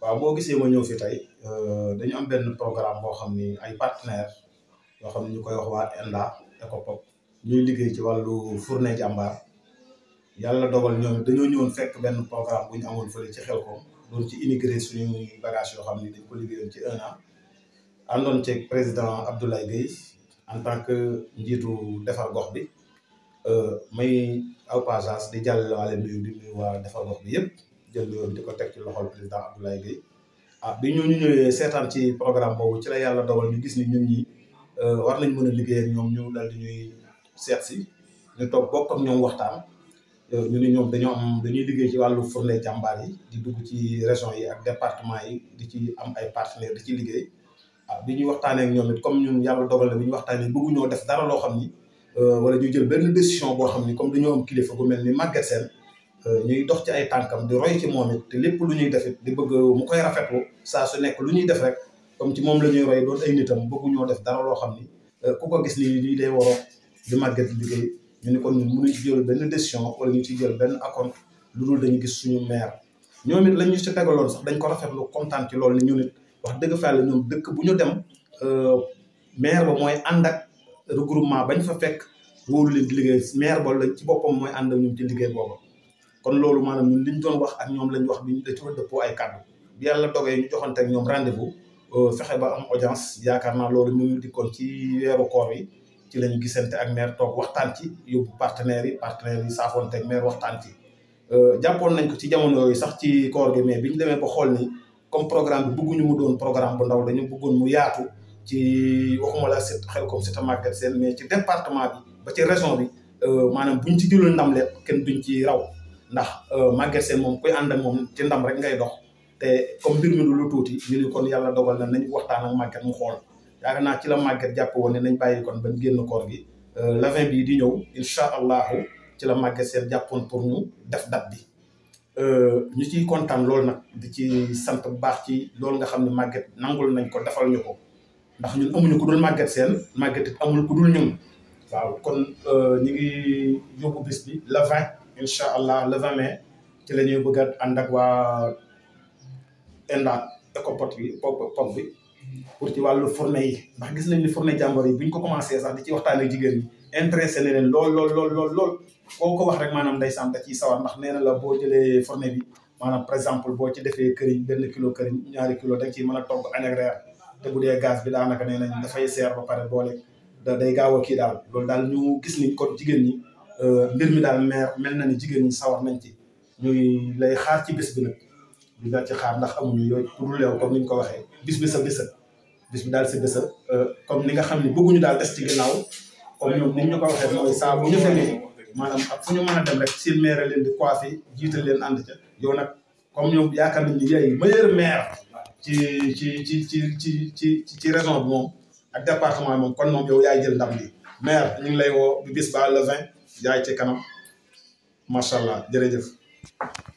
waaw boo gisee ma ñëw fi tey euh, dañu am benn programme boo xam ni ay partenaires yoo xam ne ñu koy wax waa ENDA ECOPOP ñuy liggéey ci wàllu fourné jàmbaar yàlla dogal ñoom dañoo ñëwoon fekk benn programme bu ñu amoon fële ci xel ko doon ci immigré suñuy bagage yoo xam ni di ko liggéeyoon ci un an àndoon ceeg président Abdoulaye Guèye en tant que njiitu defar gox bi euh, may au passage di jàllale waale nuyu di nuyu waa defar gox bi yëpp jël nuyoo di ko teg ci loxol président Abdoulaye Guèye ah bi ñu ñëwee seetaan ci programme boobu ci la yàlla dogal ñu gis ni ñu ñi euh, war nañ mën a liggéey ak ñoom ñu dal ñuy seet si ñu toog bokk comme ñoom waxtaan euh, ñu ni ñoom dañoo am dañuy liggéey ci wàllu fourne jàmbaar yi di dugg ci région yi ak département yi di ci am ay partenaires di ci liggéey ah bi ñuy waxtaanee ak ñoom it comme ñun yàlla dogal na bi ñu yi bëgguñoo def dara loo xam ni euh, wala ñu jël benn décision boo xam ni comme dañoo am kilifa gu mel ni Maguette Sène Euh, ñuy dox ci ay tànkam di roy ci moom it te lépp lu ñuy def it di bëgg mu koy rafetlu saa su nekk lu ñuy def rek comme ci moom la ñuy roy doon ay nitam bëgguñoo def dara loo xam ni euh, ku ko gis nii lii day waroo di màgget liggéey ñu kon ñun mënuñ benn décision wala ñu ci jël benn acompte lu dul dañu gis suñu maire ñoo it lañ ñu ci tegaloon sax dañ ko rafetlu kontaan ci loolu ni ñu it wax dëgg fa la dëkk bu ñu dem euh, maire ba mooy ànd ak regroupement bañ fa fekk wóolu leen di liggéey maire ba lañ ci boppam mooy ànd ak ñoom ci liggéey boobu kon loolu maanaam ñun li ñu doon wax ak ñoom lañ wax bi ñu dañu dëppoo ay kàddu bi yàlla dogee ñu joxante ñoom rendez-vous euh, fexe ba am audience yaakaar naa loolu ñu ngi dikkoon ci weeru koor yi ci la ñu gisante ak maire toog waxtaan ci yóbbu partenaires yi partenaires yi saafoonte ak maire waxtaan ci. Euh, jàppoon nañ ko ci jamono yooyu sax ci koor gi mais bi ñu demee ba xool ni comme programme bi bëgguñu mu doon programme bu ndaw dañu bëggoon mu yaatu ci waxuma la set xel comme c'est Maguette Sène mais ci département ba ci région bi euh, maanaam buñ ci jëlul ndam leen kenn duñ ci raw. ndax euh, Maguette Sène moom kuy ànd ak moom ci ndam rek ngay dox te comme mbir mi du lu tuuti ñu ni kon yàlla dogal na nañ waxtaan ak Maguette mu xool yaakaar naa ci la Maguette jàpp woon ne nañ bàyyi euh, bii di ñëw incha allahu ci la Maguette Sène jàppoon pour ñu def date bi euh, ñu ci kontaan lool nag di ci sant bu baax ci lool nga xam ne Maguette nangul nañ ko defal ñu ko ndax ñun amuñu ku dul Maguette Sène Maguette it amul ku dul ñun waaw kon ñu ngi yóbbu bis bi le incha allah le 20 mai ci la ñuy bëgg a ànd ak waa ENDA écopop bi pop bi pour ci wàllu fourne yi ndax gis nañ ni fourne jàmbor yi bu ñu ko commencé sax di ci waxtaan ak jigéen ñi intéressé na lool lool lool lool lool ko wax rek maanaam day ndeysaan da ci sawar ndax nee na la boo jëlee fourne bi maanaam par exemple boo ci defee këriñ benn kilo këriñ ñaari kilo da nga ciy mën a togg añ ak te bu dee gaz bi daanaka nee nañ dafay seer ba pare boole ñi Euh, mbir mi daal maire mel na ni jigéen ñi sawar nañ ci ñuy lay xaar ci bis bi nag di la ci xaar ndax amuñu yooyu pour leew comme ni ñu ko waxee bis bi sa bis bi daal sa euh, comme ni nga xam ne bëgguñu daal des ci ginnaaw comme ñoom ni ñu ko waxee mooy saa bu ñu demee maanaam ak fu ñu mën a dem rek seen maire leen di coiffé jiital leen ànd ca yow nag comme ñoom yaakaar nañ ni yaay meilleur maire ci ci ci ci ci ci ci région bi moom ak département moom kon moom yow yaay jël ndam li maire ñu lay woo bi bis ba le yaay ci kanam macha allah jërëjëf.